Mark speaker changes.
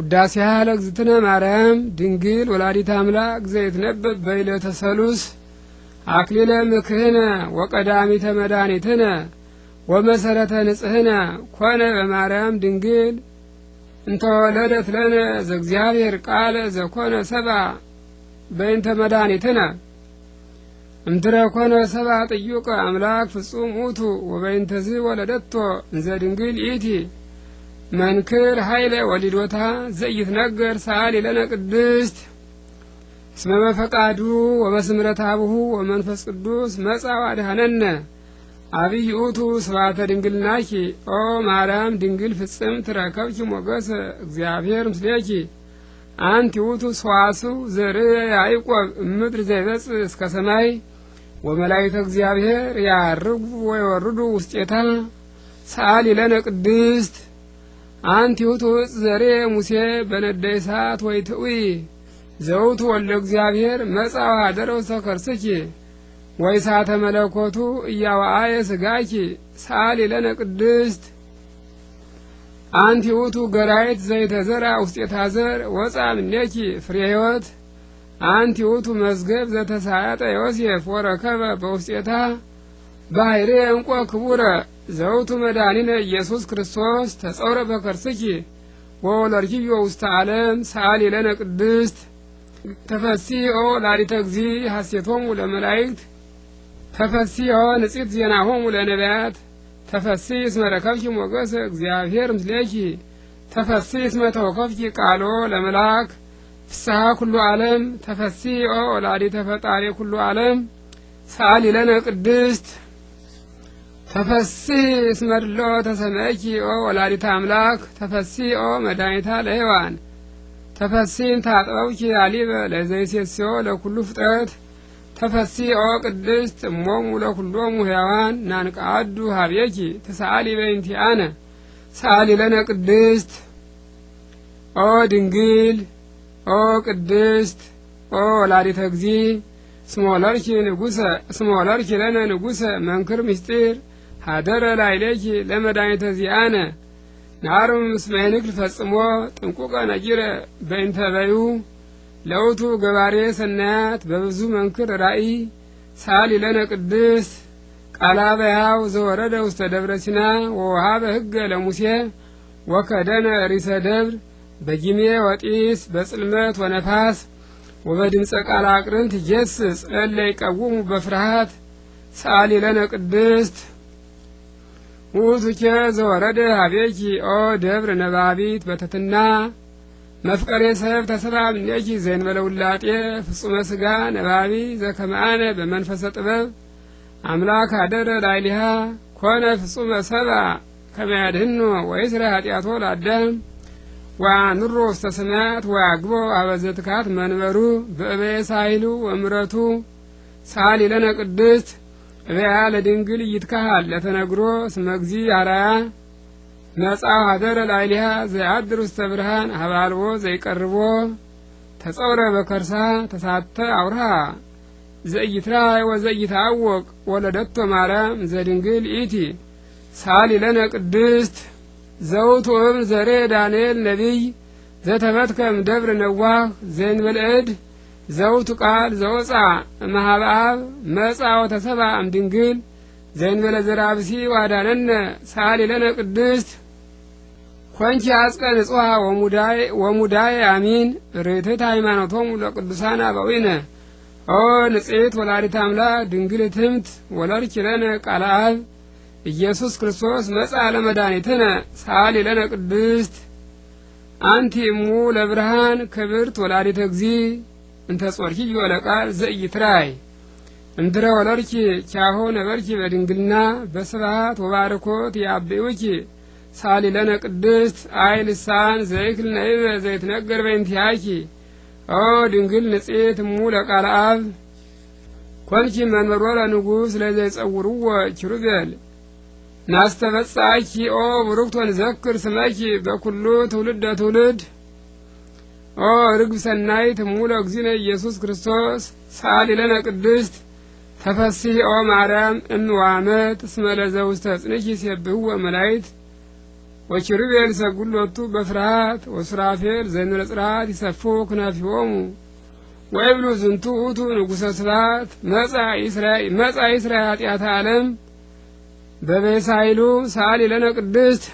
Speaker 1: ውዳሴ ያህል እግዝእትነ ማርያም ድንግል ወላዲት አምላክ ዘይትነበብ በይለተ ሰሉስ አክሊለ ምክህነ ወቀዳሚተ መድኃኒትነ ወመሰረተ ንጽህነ ኮነ በማርያም ድንግል እንተወለደት ለነ ዘእግዚአብሔር ቃለ ዘኮነ ሰባ በይንተ መድኃኒትነ እምድረ ኮነ ሰባ ጥዩቀ አምላክ ፍጹም ውእቱ ወበእንተዝ ወለደቶ እንዘ ድንግል ኢቲ መንክር ኃይለ ወሊዶታ ዘኢትነገር ሳል ይለነ ቅድስት እስመ በፈቃዱ ወበስምረት አብሁ ወመንፈስ ቅዱስ መጻው አድሃነነ አብይ ውእቱ ስብሐተ ድንግልናኪ ኦ ማርያም ድንግል ፍጽም ረከብኪ ሞገሰ እግዚአብሔር ምስሌኪ አንቲ ውቱ ሰዋስው ዘርእ ያዕቆብ እምድር ዘይበጽእ እስከ ሰማይ ወመላእክተ እግዚአብሔር ያርጉ ወይወርዱ ውስጤታ ሰአሊ ለነ ቅድስት አንቲሁ ትውፅ ዘሬ ሙሴ በነደይ ሰዓት ወይ ትዊ ዘውቱ ወልደ እግዚአብሔር መጻዋ አደረ ሰከርስኪ ወይ ሳተ መለኮቱ እያዋአየ ስጋኪ ሳሊ ለነ ቅድስት አንቲ ውእቱ ገራይት ዘይተዘራ ውስጤታ ዘር ወፃ እምኔኪ ፍሬ ሕይወት አንቲ ውእቱ መዝገብ ዘተሳያጠ ዮሴፍ ወረከበ በውስጤታ ባህሬ እንቆ ክቡረ ዘውቱ መድኃኒነ ኢየሱስ ክርስቶስ ተጸውረ በከርስኪ ወወለርኪዮ ውስተ ዓለም ሰአሊ ለነ ቅድስት ተፈሲኦ ላዲተ እግዚ ሐሴቶሙ ለመላእክት ተፈሲኦ ንጽሕት ዜናሆሙ ለነቢያት ተፈሲ እስመ ረከብኪ ሞገሰ እግዚአብሔር ምስሌኪ ተፈሲ እስመ ተወከፍኪ ቃሎ ለመልአክ ፍስሐ ኩሉ ዓለም ተፈሲኦ ወላዲተ ፈጣሪ ኩሉ ዓለም ሰአሊ ለነ ቅድስት ተፈሲ እስመ ድሎ ኦ ወላዲተ አምላክ ተፈሲ ኦ መድኃኒታ ለሔዋን ተፈሲ እንተ አሊበ አሊበ ለዘይሴስዮ ለኩሉ ፍጥረት ተፈሲ ኦ ቅድስት እሞሙ ለኵሎሙ ሕያዋን ናንቃዱ ሀብየኪ ተሰአሊ አነ ሰአሊ ለነ ቅድስት ኦ ድንግል ኦ ቅድስት ኦ ወላዲተ እግዚእ እስመ ወለድኪ ለነ ንጉሰ መንክር ምስጢር ሀደረ ላይሌኪ ለመድኃኒተ ዚአነ ናርም ምስመ ፈጽሞ ጥንቁቀ ነጊረ በእንተበዩ ለውቱ ገባሬ ሰናያት በብዙ መንክር ራእይ ሳል ይለነ ቅዱስ ቃላ በያው ዘወረደ ውስተ ደብረ ሲና ወውሃበ ሕገ ለሙሴ ወከደነ ሪሰ ደብር በጊሜ ወጢስ በጽልመት ወነፋስ ወበድምፀ ቃል አቅርንት ይጌስጽ እለ ቀውሙ በፍርሃት ሰአሊ ለነ ቅድስት ውእቱኬ ዘወረደ ሀቤኪ ኦ ደብር ነባቢት በተትና መፍቀሬ ሰብ ተስባ እምኔኪ ዘእንበለ ውላጤ ፍጹመ ስጋ ነባቢ ዘከመአነ በመንፈሰ ጥበብ አምላክ አደረ ላይሊሃ ኮነ ፍጹመ ሰባ ከመያድህኖ ወይስረ ኃጢአቶ ለአዳም ወአኑሮ ውስተ ሰማያት ወአግቦ አበ ዘትካት መንበሩ በእበየ ሳይሉ ወምረቱ ሳሊ ለነ ቅድስት እበያ ለድንግል ይትካሃል ለተነግሮ እስመ እግዚእ አርአያ መጽአ ሀደረ ላይሊሃ ዘያድር ውስተ ብርሃን ሀባልቦ ዘይቀርቦ ተጸውረ በከርሳ ተሳተ አውርሃ ዘእይትራይ ወዘኢትአወቅ ወለደቶ ማርያም ዘድንግል ኢቲ ሳሊ ለነ ቅድስት ዘውቱም ዘሬ ዳንኤል ነቢይ ዘተበትከም ደብረ ነዋህ ዘእንበልዕድ ዘውቱ ቃል ዘወፃ እመሃብአብ መጻው ተሰባ እምድንግል ዘእንበለ ዘራብሲ ዋዳነነ ሳሊ ለነ ቅድስት ኮንቺ አጽቀ ንጽሐ ወሙዳይ አሚን ርትዕት ሃይማኖቶሙ ለቅዱሳን አበዊነ ኦ ንጽሕት ወላዲተ አምላክ ድንግል ትምት ወለድኪ ለነ ቃለ አብ ኢየሱስ ክርስቶስ መጽአ ለመድኃኒትነ ሳሊ ለነ ቅድስት አንቲ እሙ ለብርሃን ክብርት ወላዲተ እግዚእ እንተ ጾርኪ ቢወለ ቃል ዘኢትራይ እንድረ ወለድኪ ቻሆ ነበርኪ በድንግልና በስብሃት ወባረኮት ያብዩኪ ሳሊ ለነ ቅድስት አይ ልሳን ዘይክል ነይበ ዘይትነገር በእንቲያኪ ኦ ድንግል ንጽሕት እሙ ለቃል አብ ኮንኪ መንበሮ ለንጉሥ ለዘይጸውርዎ ኪሩቤል ናስተበጻኪ ኦ ብሩክቶን ዘክር ስመኪ በኩሉ ትውልድ ለትውልድ ኦ ርግብ ሰናይት እሙለ እግዚእነ ኢየሱስ ክርስቶስ ሰአሊ ለነ ቅድስት ተፈስሒ ኦ ማርያም እምዋመት እስመ ለዘውስተ ጽንኪ ሲብህወ ወመላይት ወኪሩቤል ሰጉሎቱ በፍርሃት ወሱራፌል ዘንረጽርሃት ይሰፉ ክናፊሆሙ ወይብሉ ዝንቱ ውእቱ ንጉሰ ስብሐት መጻ እስራኤል መጻ እስራኤል ኃጢአተ ዓለም በቤሳይሉ ሰአሊ ለነ ቅድስት